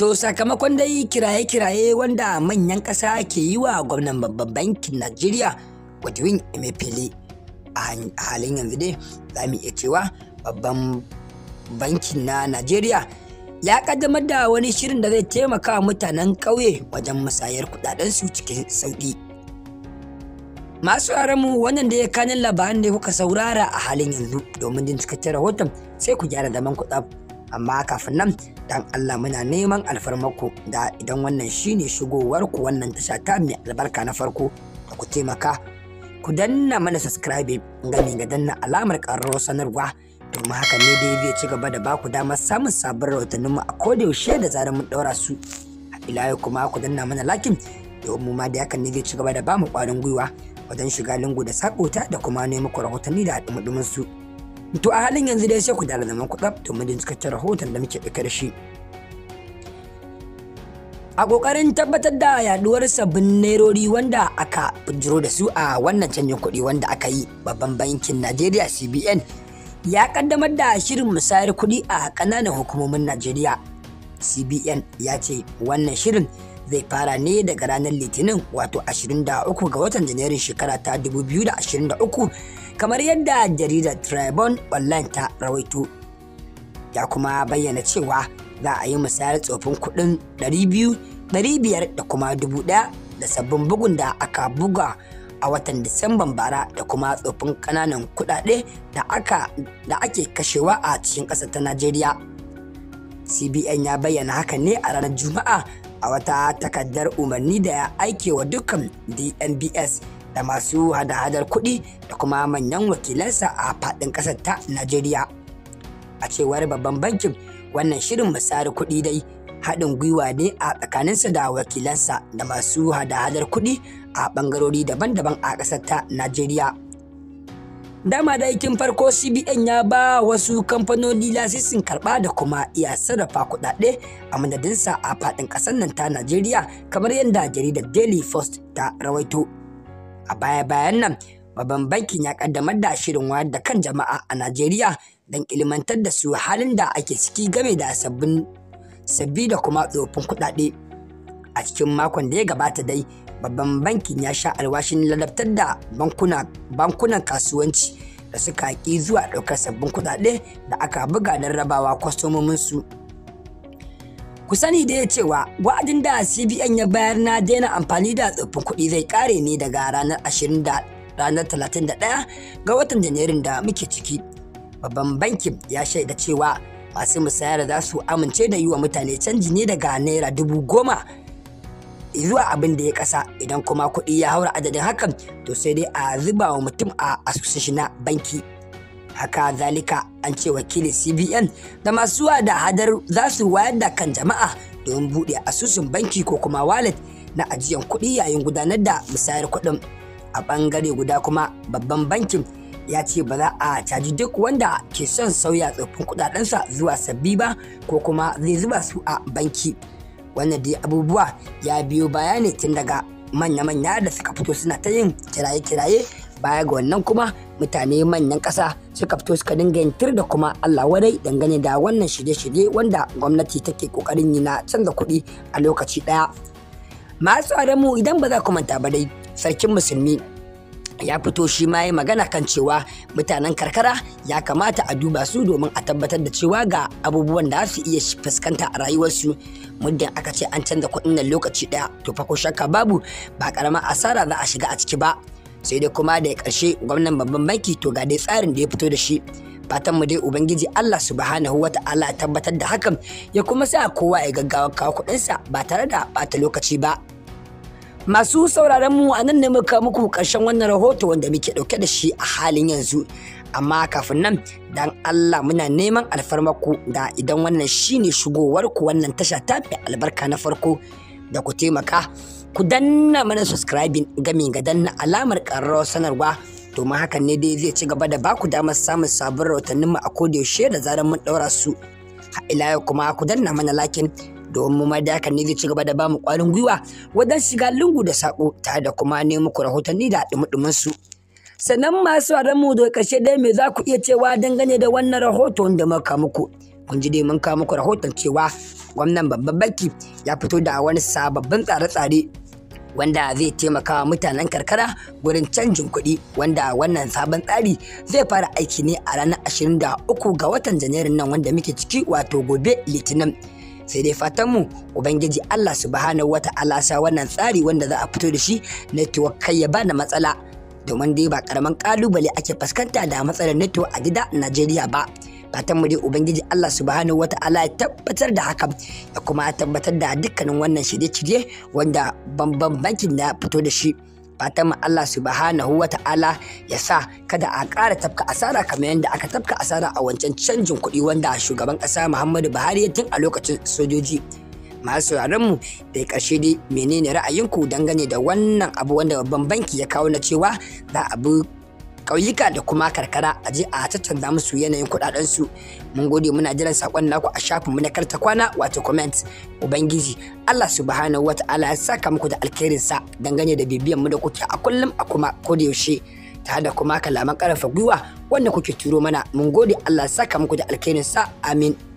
To sakamakon dai kiraye-kiraye wanda manyan ƙasa ke yi wa gwamnan babban bankin Najeriya Godwin Emefiele a halin yanzu dai za mu iya cewa babban bankin na Najeriya ya kaddamar da wani shirin da zai taimaka mutanen ƙauye wajen musayar su cikin sauƙi. Masu mu wannan da ya kanin labaran da kuka saurara a halin yanzu domin jin cikakken rahoton sai ku gyara zaman ku amma kafin nan dan Allah muna neman alfarmako da idan wannan shine shigowar ku wannan tasha ta mai albarka na farko da ku taimaka ku danna mana subscribe gami ga danna alamar ƙararrawar sanarwa domin haka ne dai zai ci gaba da baku damar samun sabbin mu a kodayaushe da zarar mun daura su a ila kuma ku danna mana lakin domin mu ma da hakan ne zai ci gaba da bamu kwarin gwiwa wajen shiga lungu da sakota da kuma nemi rahotanni da haɗin su. To a halin yanzu dai sai ku dala zaman ku tsaf domin jin cikakken rahoton da muke ɗauke shi. A ƙoƙarin tabbatar da yaduwar sabbin nairori wanda aka bujiro da su a wannan canjin kuɗi wanda aka yi babban bankin Najeriya CBN ya kaddamar da shirin musayar kuɗi a ƙananan hukumomin Najeriya. CBN ya ce wannan shirin zai fara ne daga ranar litinin wato 23 ga watan janairun shekara ta 2023 kamar yadda jaridar tribune online ta rawaito ya kuma bayyana cewa za a yi misayar tsofin kudin 200,500 da kuma 1,000 da sabbin bugun da aka buga a watan disamban bara da kuma tsofin kananan kudade da ake kashewa a cikin ƙasa ta najeriya cbn ya bayyana haka ne a ranar juma'a a wata takardar umarni da ya aike wa dukkan dnbs da masu hada-hadar kuɗi da kuma manyan wakilansa a faɗin ƙasar ta najeriya a cewar babban bankin wannan shirin misari kuɗi dai haɗin gwiwa ne a tsakaninsa da wakilansa da masu hada-hadar kuɗi a ɓangarori daban-daban a ƙasar ta najeriya dama da aikin farko cbn ya ba wasu kamfanoni lasisin karba da kuma iya sarrafa kudade a madadinsa a fadin kasar nan ta najeriya kamar yadda jaridar daily post ta rawaito a baya-bayan nan babban bankin ya kaddamar da shirin wayar da kan jama'a a najeriya don ilimantar da su halin da ake ciki game da sabbin sabbi da kuma tsofin kudade a cikin makon da ya gabata dai babban bankin ya sha alwashin ladabtar da bankunan kasuwanci da suka haƙi zuwa ɗaukar sabbin kuɗaɗe da aka buga don rabawa kwastomominsu ku sani da cewa wa'adin da cbn ya bayar na daina amfani da tsoffin kuɗi zai kare ne daga ranar 20 ranar 31 ga watan janairun da muke ciki babban bankin ya shaida cewa masu musayar za su amince da yi wa mutane canji ne daga naira dubu goma zuwa abin da ya kasa idan kuma kuɗi ya haura adadin hakan to sai dai a zuba wa mutum a asusun na banki haka zalika an ce wakilin cbn da masu da hadar za su wayar da kan jama'a don buɗe asusun banki ko kuma wallet na ajiyan kuɗi yayin gudanar da misayar kuɗin a bangare guda kuma babban bankin ya ce ba za a caji duk wanda ke son sauya tsoffin kuɗaɗensa zuwa sabbi ba ko kuma zai zuba su a banki wannan dai abubuwa ya biyo baya ne tun daga manya-manya da suka fito suna ta yin kiraye-kiraye baya ga wannan kuma mutane manyan ƙasa suka fito suka dinga yin tir da kuma Allah wadai dangane da wannan shirye-shirye wanda gwamnati take kokarin yi na canza kuɗi a lokaci ɗaya. Masu mu idan ba za ku manta ba dai sarkin musulmi ya fito shi ma ya magana kan cewa mutanen karkara ya kamata a duba su domin a tabbatar da cewa ga abubuwan da su iya fuskanta a rayuwarsu muddin aka ce an canza kuɗin nan lokaci ɗaya to fa ko shakka babu ba karamar asara za a shiga a ciki ba sai dai kuma da ƙarshe gwamnan babban banki to ga dai tsarin da ya fito da shi fatan mu dai ubangiji Allah subhanahu wata'ala ya tabbatar da hakan ya kuma sa kowa ya gaggawa kawo kuɗinsa ba tare da ɓata lokaci ba Masu sauraron mu a nan ne muka muku ƙarshen wannan rahoto wanda muke ɗauke da shi a halin yanzu. Amma kafin nan dan Allah muna neman alfarmaku da idan wannan shine shigowar ku wannan tasha ta fi albarka na farko da ku taimaka ku danna mana subscribing gami ga danna alamar ƙararrawar sanarwa domin hakan ne dai zai ci gaba da ba ku damar samun sabon mu a kodayaushe da zarar mun ɗaura su. ila kuma ku danna mana lakin domin ma da hakan zai ci gaba da bamu kwarin gwiwa wajen shiga lungu da sako tare da kuma nemo ku rahotanni da dumudumin su. Sannan masu mu da ƙarshe dai me za ku iya cewa dangane da wannan rahoton da muka muku. kun ji dai mun kawo muku rahoton cewa gwamnan babban banki ya fito da wani sababbin tsare-tsare wanda zai taimaka mutanen karkara gurin canjin kuɗi wanda wannan sabon tsari zai fara aiki ne a ranar 23 ga watan janairun nan wanda muke ciki wato gobe litinin. sai dai fatanmu ubangiji Allah subhanahu wata'ala sa wannan tsari wanda za a fito da shi network kai ya bani matsala domin dai ba karaman kalubale ake fuskanta da matsalar network a gida Najeriya ba fatan mu dai ubangiji Allah subhanahu wata'ala ya tabbatar da hakan ya kuma tabbatar da dukkanin wannan shirye-shirye wanda bambam bankin na fito da shi fatan mu Allah subhanahu wa ta'ala ya sa kada a ƙara tafka asara kamar yadda aka tafka asara a wancan canjin kuɗi wanda shugaban ƙasa Muhammadu Buhari ya tun a lokacin sojoji masu mu dai ƙarshe dai menene ra'ayinku dangane da wannan abu wanda babban banki ya kawo na cewa za a bi ƙauyuka da kuma karkara a je a tattauna musu yanayin su, mun gode muna jiran saƙon naku a shafin mu na karta kwana wato comment ubangiji Allah subhanahu wata'ala ya saka muku da sa dangane da bibiyan mu da kuke a kullum a kuma koda yaushe ta da kuma kalaman ƙarfafa gwiwa wanda kuke turo mana mun gode Allah ya saka muku da sa amin